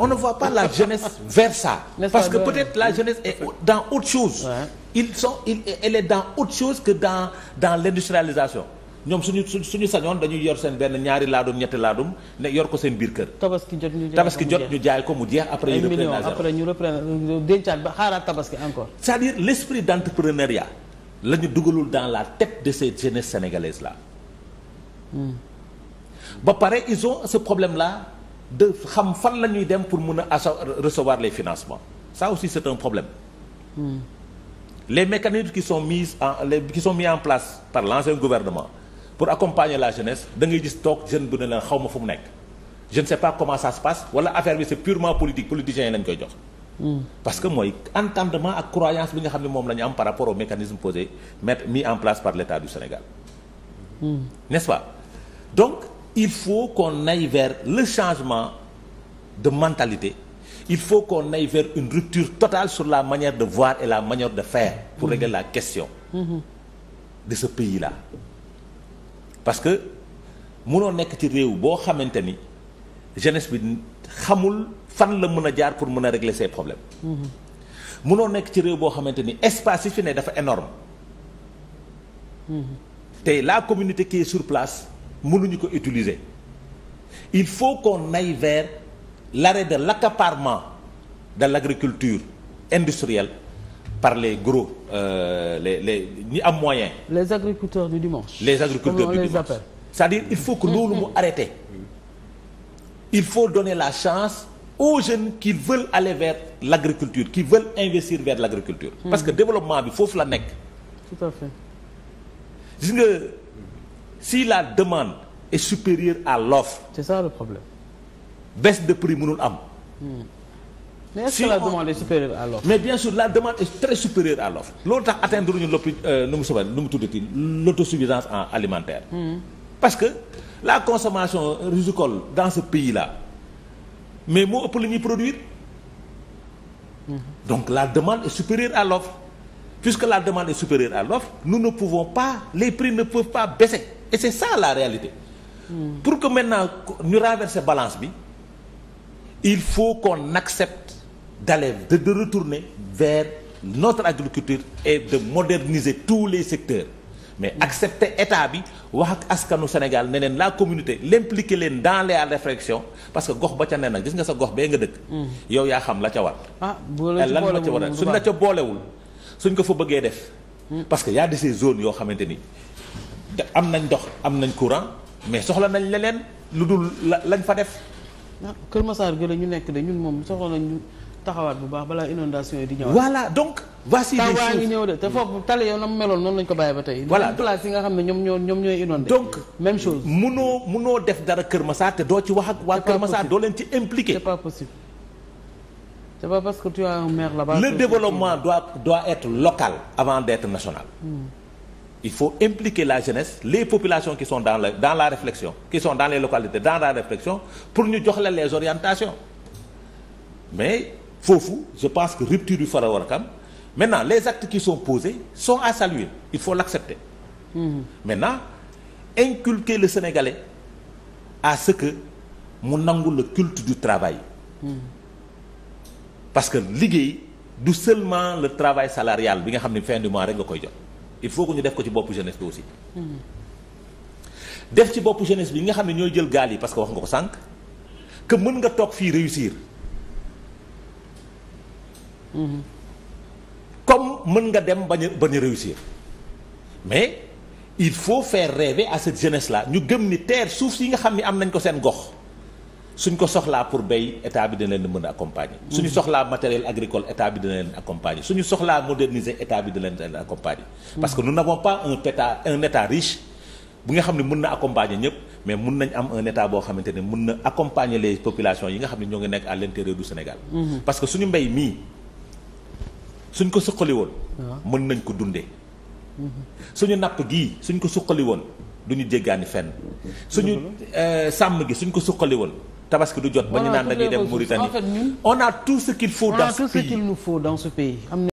on ne voit pas la jeunesse vers ça. parce que peut-être la jeunesse est dans autre chose. ils sont ils elle dans autre chose que dans dans l'industrialisation ñoom suñu suñu sañoon dañuy yor seen benn ñaari laadum ñetti laadum ne yor ko seen biir kër. tabaski jot ñu tabaski jot ñu jaay ko mu jeex après. ñu reprendre après ñu dencaat ba xaaraat tabaski encore. c'est-à-dire l'esprit d'entrepreneuriat la ñu dugalul dans la tête de cette jeunesse sénégalaise la hmm. ba pare ils ont ce problème là. de xam fan la ñuy dem pour mun a recevoir les financements ça aussi c'est un problème hmm. les mécanismes qui son mis en les qui sont mis en place par l'ancien gouvernement pour accompagner la jeunesse da ngay gis toog jeune bu ne la xaw ma fu mu nekk je ne sais pas comment ça se passe wala affaire bi c'est purement politique politiciens yi lañ koy jox hmm. parce que mooy entendement ak croyance bi nga xam ne moom lañu am par rapport au mécanisme posé mettre mis par l'État du Sénégal hmm. il faut qu'on aille vers le changement de mentalité il faut qu'on aille vers une rupture totale sur la manière de voir et la manière de faire pour mhm. régler la question mhm. de ce pays-là parce que mënoo nekk ci réew boo xamante ni fan la mën a jaar pour mën a régler ses problèmes mhm. mënoo ci réew boo xamante ni espace yi fi ne dafa énorme te la communauté qui est sur place ñu ko utiliser il faut qu'on aille vers l'arrêt de l'accaparement de l'agriculture industrielle par les gros euh, les les ñi am moyen. les agriculteurs du dimanche. les agriculteurs Comment du c'est-à-dire il faut que loolu mu arrêté il faut donner la chance aux jeunes qui veulent aller vers l'agriculture qui veulent investir vers l'agriculture. Hmm. parce que développement bi foofu la nekk. si la demande est supérieure à l'offre. c'est ça le problème. baisse de prix mënul am. Hmm. mais est-ce si que mais bien sûr la demande est très supérieure à l'offre. loolu tax atteindre ñu loppi euh, nu mu sobal nu mu tuddati l'autosuffisance en alimentaire. Hmm. parce que la consommation risicole dans ce pays la mais moo ëpp li ñuy produire. Hmm. donc la demande est supérieure à l'offre. puisque la demande est supérieure à l'offre nous ne pouvons pas les prix ne peuvent pas baisser. et c'est ça la réalité mm. pour que maintenant nu renverser balance bi il faut qu'on accepte d'aller de, de retourner vers notre agriculture et de moderniser tous les secteurs mais hmm. accepter état bi wax ak askanu Sénégal ne leen la communauté l'impliquer leen dans les réflexions parce que gox ba ca ne nag gis nga sa gox bee nga dëkk. Hmm. yow yaa xam la ca war. ah eh, lan la ca war suñ la ca boolewul suñ ko fa bëggee def. Hmm. parce que y a de ces yoo xamante ni te am nañ ndox am nañ courant mais soxla nañ leneen lu dul la lañ fa def. ah Kër Masar gën ñu nekk de ñun moom soxla nañ taxawaat bu baax balaa inondation yi di ñëwaat. voilà donc. voici des choses ngi ñëw foofu tali yow na mu meloon noonu lañ ko bàyyi ba tey. voilà place yi nga xam ne ñoom ñoo ñoom ñooy inondé. donc même chose. munoo munoo def dara Kër Masar te doo ci wax ak. waa Kër Masar doo leen ci impliqué. c'est pas possible c'est pas parce que tu as la maire le développement doit doit être local avant d'être national. Hmm. il faut impliquer la jeunesse les populations qui sont dans la dans la réflexion qui sont dans les localités dans la réflexion pour ñu jox la les orientations mais foofu je pense que rupture du fara war a am maintenant les actes qui sont posés sont à saluer il faut l'accepter mmh. maintenant inculquer le Sénégalais à ce que mu nangu le culte du travail mm-hmm. parce que liggéey du seulement le travail salarial bi nga xam ne fin du mois rek nga koy jot il faut que ñu def ko ci bopp jeunesse bi aussi. def ci bopp jeunesse bi nga xam ne ñooy jël gaal yi parce que wax nga ko sànq que mën nga toog fii réussir. comme mën nga dem ba a bañ a réussir mais il faut faire bi à cette jeunesse là ñu gëm ni terre suuf si nga xam ni am nañ ko seen gox. suñ ko soxlaa pour béy état bi dina leen mën a accompagner. suñu mm-hmm. soxlaa matériel agricole état bi dina leen suñu soxlaa moderniser bi dina leen accompagner. Mm-hmm. parce que nous n'avons pas un état un état riche bu nga xam ne mën na accompagner ñëpp mais mën nañ am un état boo xamante ne mën na accompagner les populations yi nga xam ne ñoo ngi nekk à l'intérieur du Sénégal. Mm-hmm. parce que suñu mbéy mii ko suqali woon. Ah. mën nañ ko dundee. suñu napp gii suñ ko suqali woon du ñu jéggaani fenn. suñu euh, sàmm gi suñ ko suqali woon. tabaski du jot. ba ñu naan dañuy dem Mauritanie on a tout ce qu'il dans ce pays. on dans ce pays.